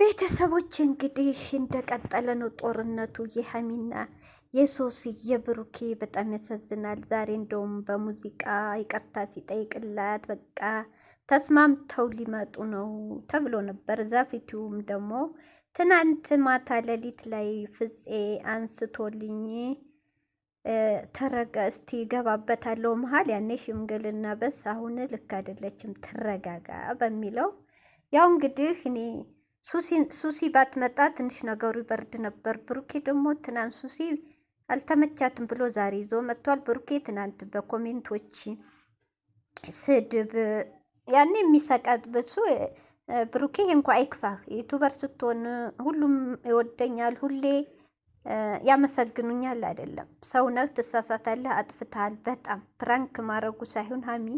ቤተሰቦች እንግዲህ እንደቀጠለ ነው ጦርነቱ። የሀሚና የሶሲ የብሩኬ በጣም ያሳዝናል። ዛሬ እንደውም በሙዚቃ ይቅርታ ሲጠይቅላት በቃ ተስማምተው ሊመጡ ነው ተብሎ ነበር። ዛፊቲውም ደግሞ ትናንት ማታ ሌሊት ላይ ፍፄ አንስቶልኝ ተረጋ እስቲ ገባበታለው መሀል ያኔ ሽምግልና በስ አሁን ልክ አይደለችም ትረጋጋ በሚለው ያው እንግዲህ እኔ ሱሲ ባትመጣ ትንሽ ነገሩ ይበርድ ነበር። ብሩኬ ደግሞ ትናንት ሱሲ አልተመቻትም ብሎ ዛሬ ይዞ መጥቷል። ብሩኬ ትናንት በኮሜንቶች ስድብ ያኔ የሚሰቃጥበት ብሩኬ እንኳ አይክፋህ፣ ዩቱበር ስትሆን ሁሉም ይወደኛል፣ ሁሌ ያመሰግኑኛል አይደለም። ሰውነት ትሳሳታለህ፣ አጥፍተሃል። በጣም ፕራንክ ማድረጉ ሳይሆን ሀሚ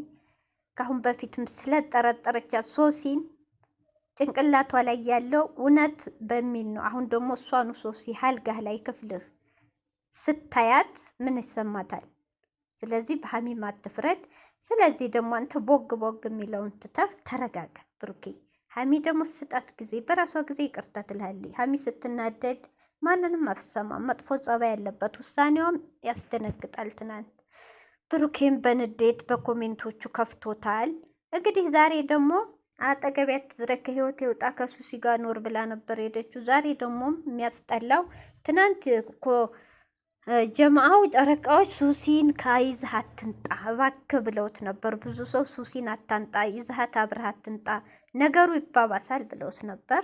ከአሁን በፊትም ስለጠረጠረቻት ሶሲን ጭንቅላቷ ላይ ያለው እውነት በሚል ነው። አሁን ደግሞ እሷኑ ሶሲ ሀልጋህ ላይ ክፍልህ ስታያት ምን ይሰማታል? ስለዚህ በሀሚ አትፍረድ። ስለዚህ ደግሞ አንተ ቦግ ቦግ የሚለውን ትተህ ተረጋጋ ብሩኬ። ሀሚ ደግሞ ስጣት ጊዜ፣ በራሷ ጊዜ ይቅርታ ትልሃለች። ሀሚ ስትናደድ ማንንም አትሰማም። መጥፎ ጸባይ ያለበት ውሳኔውም ያስደነግጣል። ትናንት ብሩኬን በንዴት በኮሜንቶቹ ከፍቶታል። እንግዲህ ዛሬ ደግሞ አጠገቢያ ያትዝረክ ህይወት የውጣ ከሱ ሲጋ ኖር ብላ ነበር ሄደችው። ዛሬ ደግሞ የሚያስጠላው ትናንት እኮ ጀማአው ጨረቃዎች ሱሲን ከይዝህ አትንጣ እባክህ ብለውት ነበር። ብዙ ሰው ሱሲን አታንጣ፣ ይዝሃት አብረህ አትንጣ፣ ነገሩ ይባባሳል ብለውት ነበር።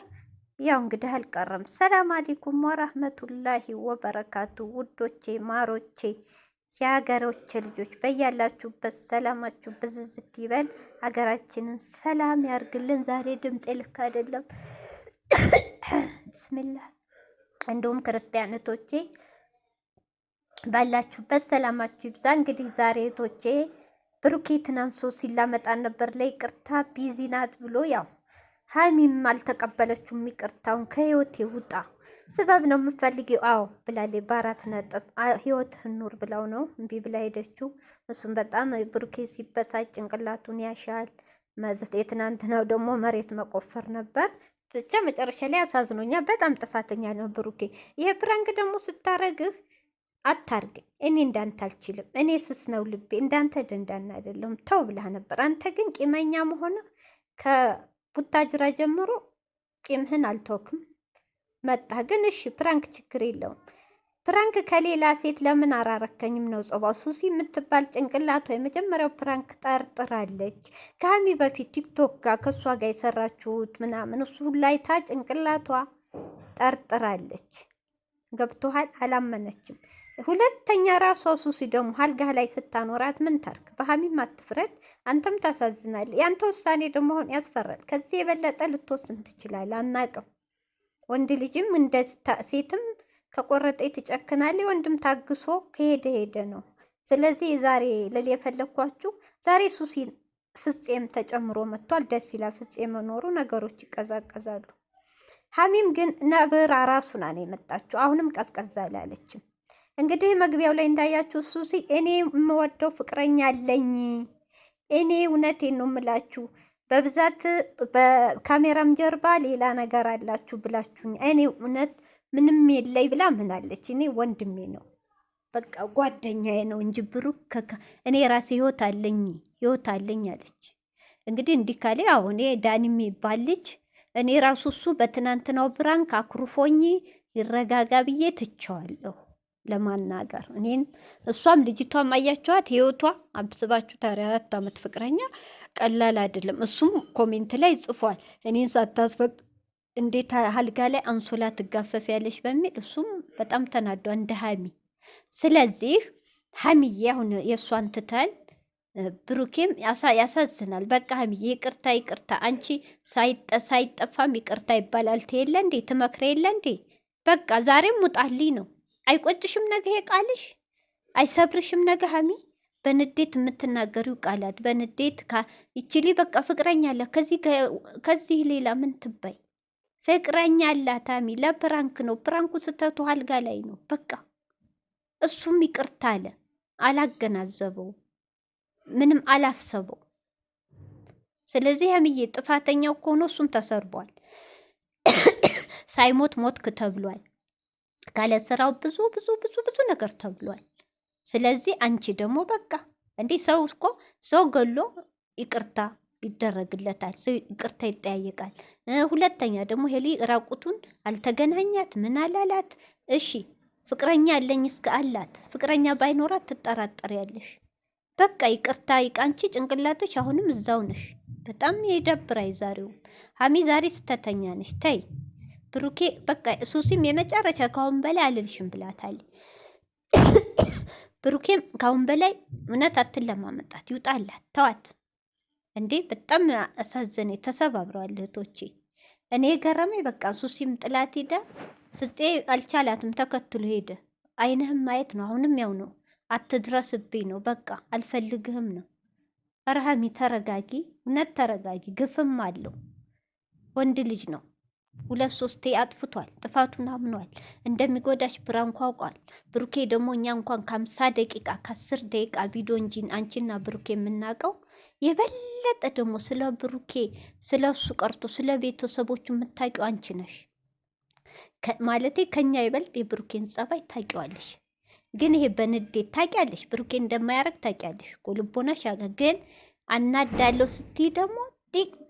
ያው እንግዲህ አልቀረም። ሰላም አሌኩም ወራህመቱላሂ ወበረካቱ ውዶቼ ማሮቼ የሀገሮች ልጆች በያላችሁበት ሰላማችሁ ብዝዝት ይበል። ሀገራችንን ሰላም ያርግልን። ዛሬ ድምጽ ልክ አይደለም። ብስሚላ እንዲሁም ክርስቲያንቶቼ ባላችሁበት ሰላማችሁ ይብዛ። እንግዲህ ዛሬ ቶቼ ብሩኬ ትናንሶ ሲላመጣ ነበር ላይ ቅርታ ቢዚ ናት ብሎ ያው ሀሚም አልተቀበለችውም። ይቅርታውን ከህይወቴ ውጣ ስበብ ነው የምፈልጊው? አዎ ብላሌ በአራት ነጥብ ህይወትህን ኑር ብላው ነው እምቢ ብላ ሄደችው። እሱም በጣም ብሩኬ ሲበሳጭ ጭንቅላቱን ያሻል። የትናንትናው ደግሞ መሬት መቆፈር ነበር። ብቻ መጨረሻ ላይ አሳዝኖኛል። በጣም ጥፋተኛ ነው ብሩኬ። ይሄ ፕራንክ ደግሞ ስታረግህ አታርግ። እኔ እንዳንተ አልችልም። እኔ ስስ ነው ልቤ፣ እንዳንተ ደንዳና አይደለም። ተው ብላህ ነበር። አንተ ግን ቂመኛ መሆንህ ከቡታጅራ ጀምሮ ቂምህን አልተውክም። መጣ። ግን እሺ ፕራንክ ችግር የለውም። ፕራንክ ከሌላ ሴት ለምን አራረከኝም ነው ጾባው። ሱሲ የምትባል ጭንቅላቷ የመጀመሪያው ፕራንክ ጠርጥራለች። ከሀሚ በፊት ቲክቶክ ጋር ከእሷ ጋር የሰራችሁት ምናምን እሱ ላይታ ጭንቅላቷ ጠርጥራለች። ገብቶሃል? አላመነችም። ሁለተኛ ራሷ ሱሲ ደግሞ አልጋ ላይ ስታኖራት ምን ታርክ? በሀሚም አትፍረድ። አንተም ታሳዝናል። ያንተ ውሳኔ ደግሞ አሁን ያስፈራል። ከዚህ የበለጠ ልትወስን ትችላል። አናቅም ወንድ ልጅም እንደ ሴትም ከቆረጠ ትጨክናለች። ወንድም ታግሶ ከሄደ ሄደ ነው። ስለዚህ ዛሬ ልል የፈለግኳችሁ ዛሬ ሱሲ ፍፄም ተጨምሮ መጥቷል። ደስ ይላል። ፍፄ መኖሩ ነገሮች ይቀዛቀዛሉ። ሀሚም ግን ነብር አራሱና ነው የመጣችው። አሁንም ቀዝቀዛ አላለችም። እንግዲህ መግቢያው ላይ እንዳያችሁ ሱሲ እኔ የምወደው ፍቅረኛ አለኝ እኔ እውነቴን ነው የምላችሁ በብዛት በካሜራም ጀርባ ሌላ ነገር አላችሁ ብላችሁኝ፣ እኔ እውነት ምንም የለኝ ብላ ምናለች። እኔ ወንድሜ ነው በቃ ጓደኛዬ ነው እንጂ ብሩክ እኔ ራሴ ህይወት አለኝ ህይወት አለኝ አለች። እንግዲህ እንዲህ ካለ አሁን ዳኒ የሚባል ልጅ እኔ ራሱ እሱ በትናንትናው ብራንክ አኩርፎኝ ይረጋጋ ብዬ ትቸዋለሁ። ለማናገር እኔን እሷም ልጅቷም አያችኋት፣ ህይወቷ አብስባችሁ ታሪያት አመት ፍቅረኛ ቀላል አይደለም። እሱም ኮሜንት ላይ ጽፏል እኔን ሳታስፈቅ እንዴት አልጋ ላይ አንሶላ ትጋፈፍ ያለች በሚል እሱም በጣም ተናዷ እንደ ሀሚ። ስለዚህ ሀሚዬ አሁን የእሷን ትተን ብሩኬም ያሳዝናል። በቃ ሀሚዬ ይቅርታ ይቅርታ፣ አንቺ ሳይጠፋም ይቅርታ ይባላል። ትየለ እንዴ ትመክረ የለ እንዴ በቃ ዛሬም ውጣልኝ ነው አይቆጭሽም? ነገ ቃልሽ አይሰብርሽም? ነገ ሀሚ በንዴት የምትናገሪው ቃላት በንዴት ይችሊ በቃ ፍቅረኛ አላት። ከዚህ ሌላ ምን ትባይ? ፍቅረኛ አላት ሀሚ። ለፕራንክ ነው። ፕራንኩ ስተቱ አልጋ ላይ ነው። በቃ እሱም ይቅርታ አለ። አላገናዘበው፣ ምንም አላሰበው። ስለዚህ ሀሚዬ ጥፋተኛው ከሆነ እሱም ተሰርቧል። ሳይሞት ሞትክ ተብሏል። ካለ ስራው ብዙ ብዙ ብዙ ብዙ ነገር ተብሏል። ስለዚህ አንቺ ደግሞ በቃ እንዴ ሰው እኮ ሰው ገሎ ይቅርታ ይደረግለታል። ሰው ይቅርታ ይጠያየቃል። ሁለተኛ ደግሞ ሄሊ ራቁቱን አልተገናኛት ምን አላላት። እሺ ፍቅረኛ አለኝ እስከ አላት ፍቅረኛ ባይኖራት ያለሽ በቃ ይቅርታ ይቃንቺ ጭንቅላትሽ አሁንም እዛው ነሽ። በጣም የደብራይ ዛሬው ሀሚ ዛሬ ስተተኛ ነሽ። ተይ ብሩኬ በቃ ሱሲም የመጨረሻ ካሁን በላይ አልልሽም ብላታል። ብሩኬም ካሁን በላይ እውነት አትለማመጣት ይውጣላት፣ ተዋት እንዴ። በጣም አሳዘነ፣ ተሰባብረዋል እህቶቼ። እኔ ገረመኝ። በቃ ሱሲም ጥላት ሄደ። ፍጤ አልቻላትም፣ ተከትሎ ሄደ። አይንህም ማየት ነው። አሁንም ያው ነው፣ አትድረስብኝ ነው። በቃ አልፈልግህም ነው። ረሃሚ ተረጋጊ፣ እውነት ተረጋጊ። ግፍም አለው ወንድ ልጅ ነው። ሁለት ሶስቴ አጥፍቷል። ጥፋቱን አምኗል። እንደሚጎዳሽ ብራንኳ አውቋል። ብሩኬ ደግሞ እኛ እንኳን ከአምሳ ደቂቃ ከአስር ደቂቃ ቪዲዮ እንጂ አንቺና ብሩኬ የምናውቀው የበለጠ ደግሞ ስለ ብሩኬ ስለ እሱ ቀርቶ ስለ ቤተሰቦቹ የምታውቂው አንቺ ነሽ። ማለቴ ከኛ ይበልጥ የብሩኬን ጸባይ ታውቂዋለሽ። ግን ይሄ በንዴት ታውቂያለሽ፣ ብሩኬ እንደማያረግ ታውቂያለሽ። ልቦናሽ ያገ ግን አናዳለው ስትይ ደግሞ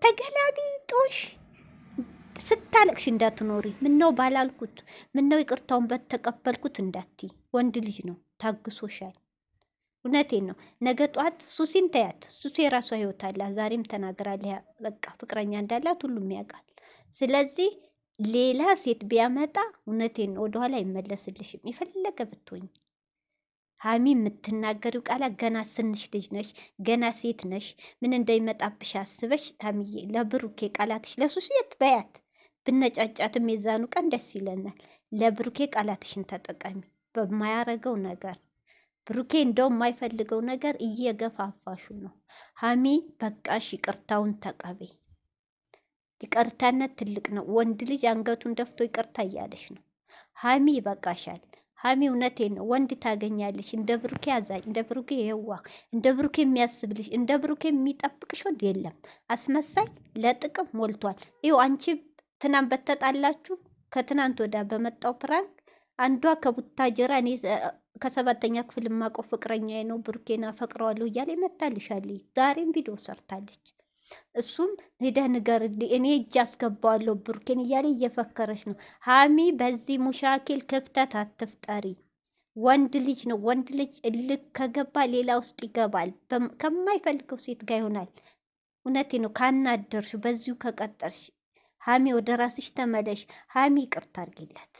ተገላቢ ጦሽ ስታለቅሽ እንዳትኖሪ ምነው ባላልኩት ምነው ይቅርታውን በተቀበልኩት እንዳትይ። ወንድ ልጅ ነው ታግሶሻል። እውነቴን ነው። ነገ ጠዋት ሱሲን ተያት። ሱሲ የራሷ ህይወት አላት። ዛሬም ተናግራል። በቃ ፍቅረኛ እንዳላት ሁሉም ያውቃል። ስለዚህ ሌላ ሴት ቢያመጣ እውነቴን ነው ወደኋላ አይመለስልሽም። የፈለገ ብትሆኝ ሀሚ የምትናገሪው ቃላት ገና ስንሽ ልጅ ነሽ፣ ገና ሴት ነሽ። ምን እንደሚመጣብሽ አስበሽ ሀሚዬ ለብሩኬ ቃላትሽ ለሱስ የት በያት ብነጫጫትም የዛኑ ቀን ደስ ይለናል። ለብሩኬ ቃላትሽን ተጠቀሚ በማያረገው ነገር ብሩኬ እንደው የማይፈልገው ነገር እየገፋፋሹ ነው። ሀሚ በቃሽ፣ ይቅርታውን ተቀበይ። ይቅርታነት ትልቅ ነው። ወንድ ልጅ አንገቱን ደፍቶ ይቅርታ እያለሽ ነው። ሀሚ ይበቃሻል። ሀሚ እውነቴ ነው። ወንድ ታገኛለሽ፣ እንደ ብሩኬ አዛኝ፣ እንደ ብሩኬ የዋ፣ እንደ ብሩኬ የሚያስብልሽ፣ እንደ ብሩኬ የሚጠብቅሽ ወንድ የለም። አስመሳይ ለጥቅም ሞልቷል። ይኸው አንቺ ትናንት በተጣላችሁ ከትናንት ወዳ በመጣው ፕራንክ አንዷ ከቡታጀራ እኔ ከሰባተኛ ክፍል የማውቀው ፍቅረኛ ነው ብሩኬና ፈቅረዋለሁ እያለ ይመታልሻለች። ዛሬም ቪዲዮ ሰርታለች። እሱም ሂደህ ንገርልኝ እኔ እጅ አስገባዋለሁ ብሩኬን እያለ እየፈከረች ነው። ሀሚ በዚህ ሙሻኪል ክፍተት አትፍጠሪ። ወንድ ልጅ ነው። ወንድ ልጅ እልክ ከገባ ሌላ ውስጥ ይገባል። ከማይፈልገው ሴት ጋር ይሆናል። እውነቴ ነው። ካናደርሽ በዚሁ ከቀጠርሽ ሀሚ ወደ ራስሽ ተመለሽ። ሀሚ ይቅርታ አድርጊለት።